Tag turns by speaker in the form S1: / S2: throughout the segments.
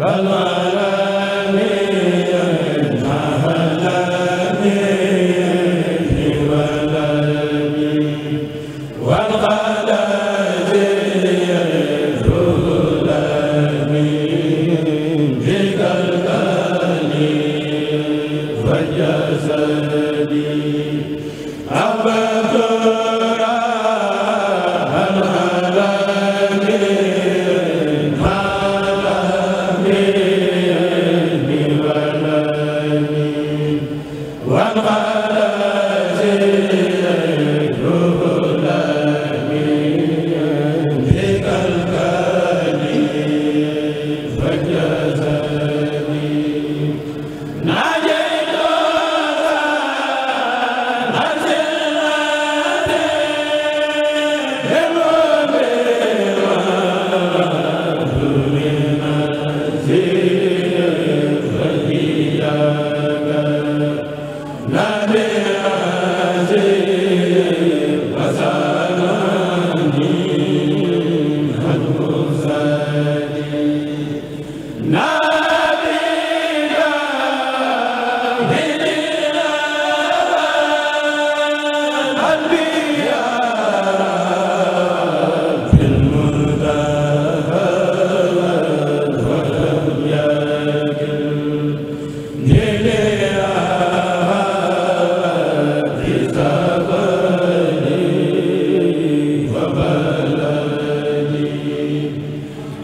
S1: bala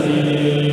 S1: الخير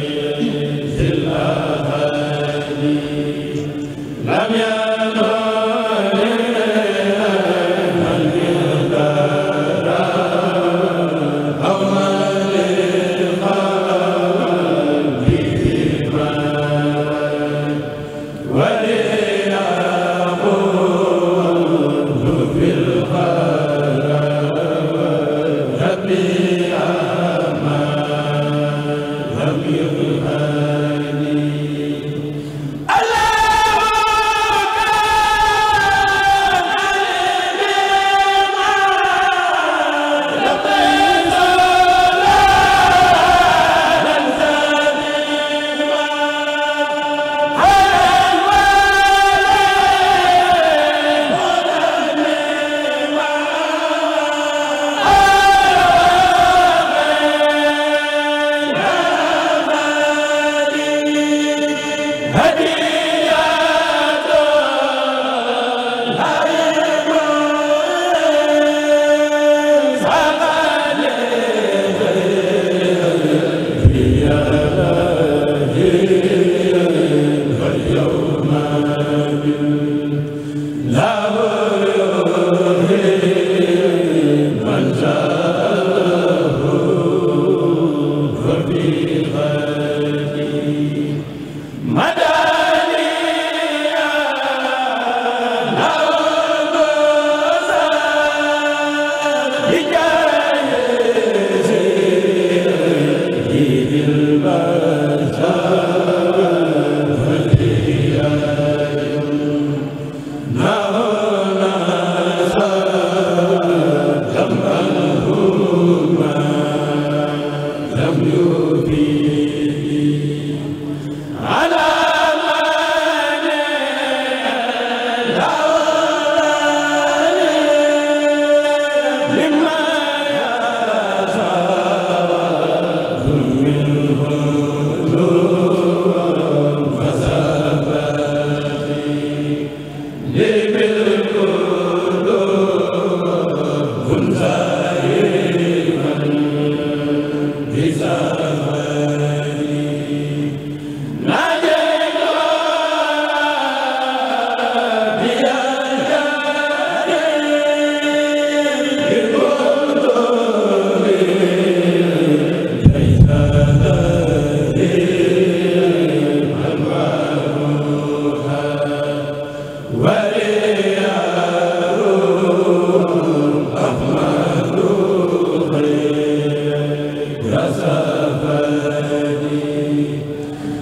S1: خير البشر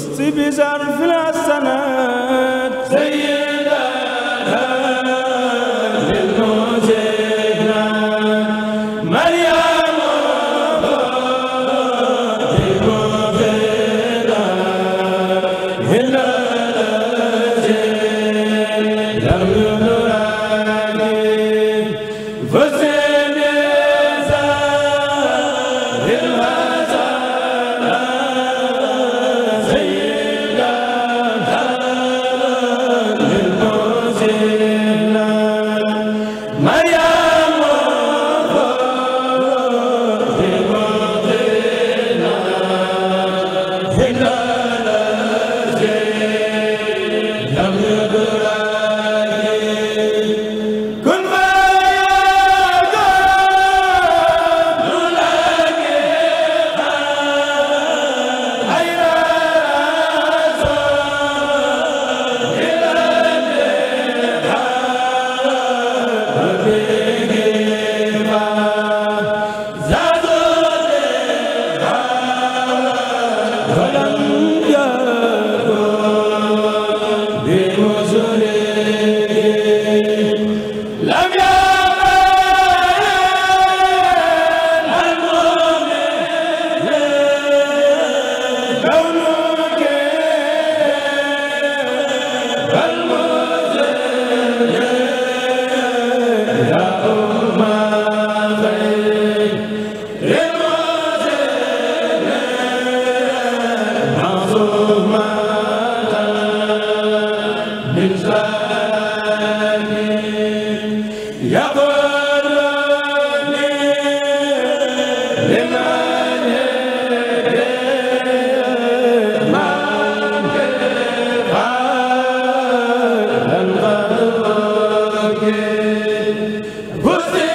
S1: si bisar filasana Hussein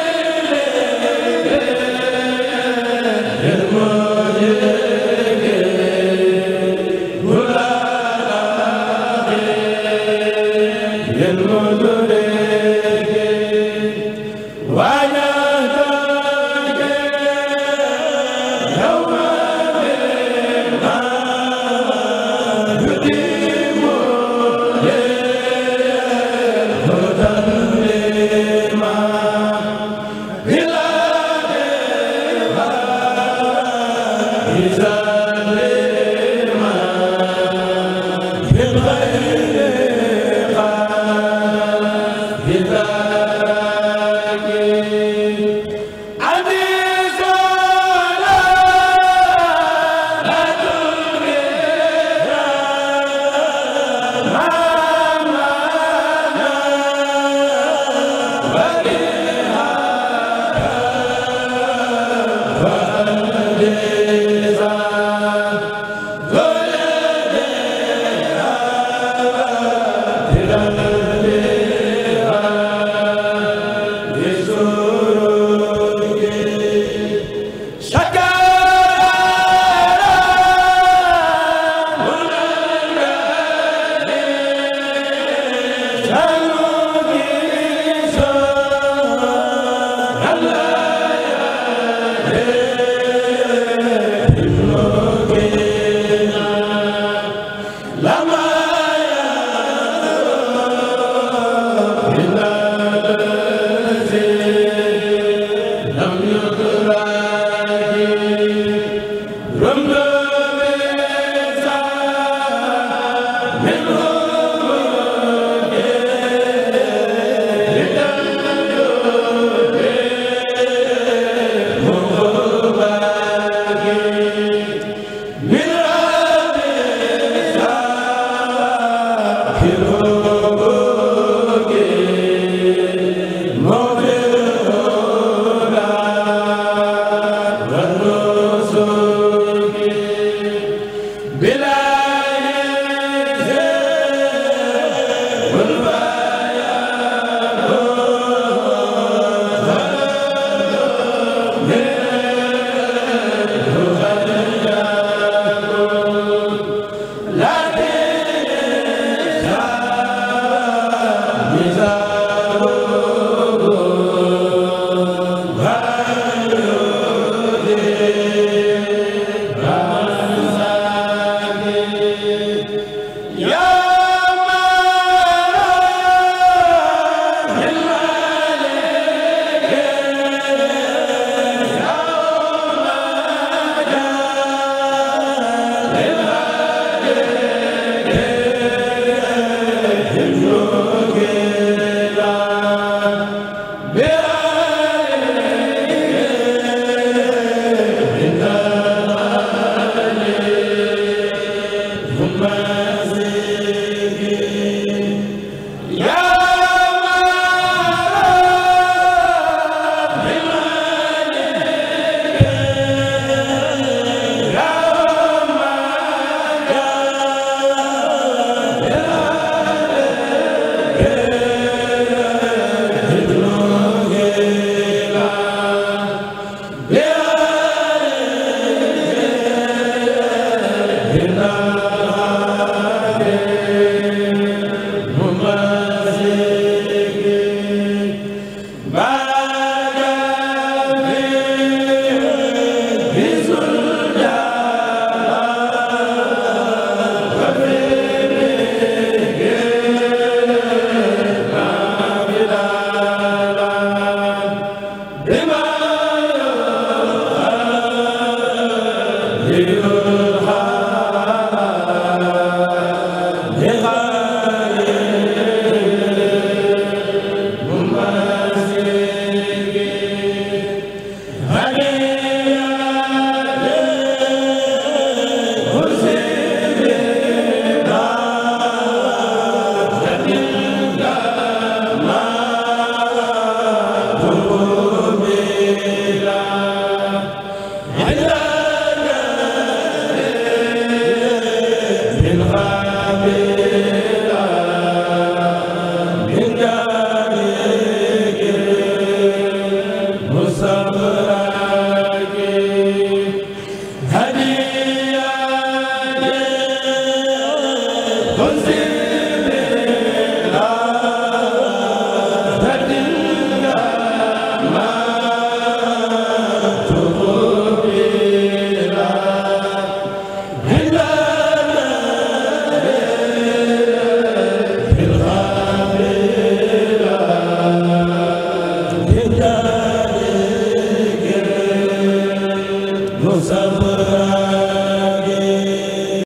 S1: Allahu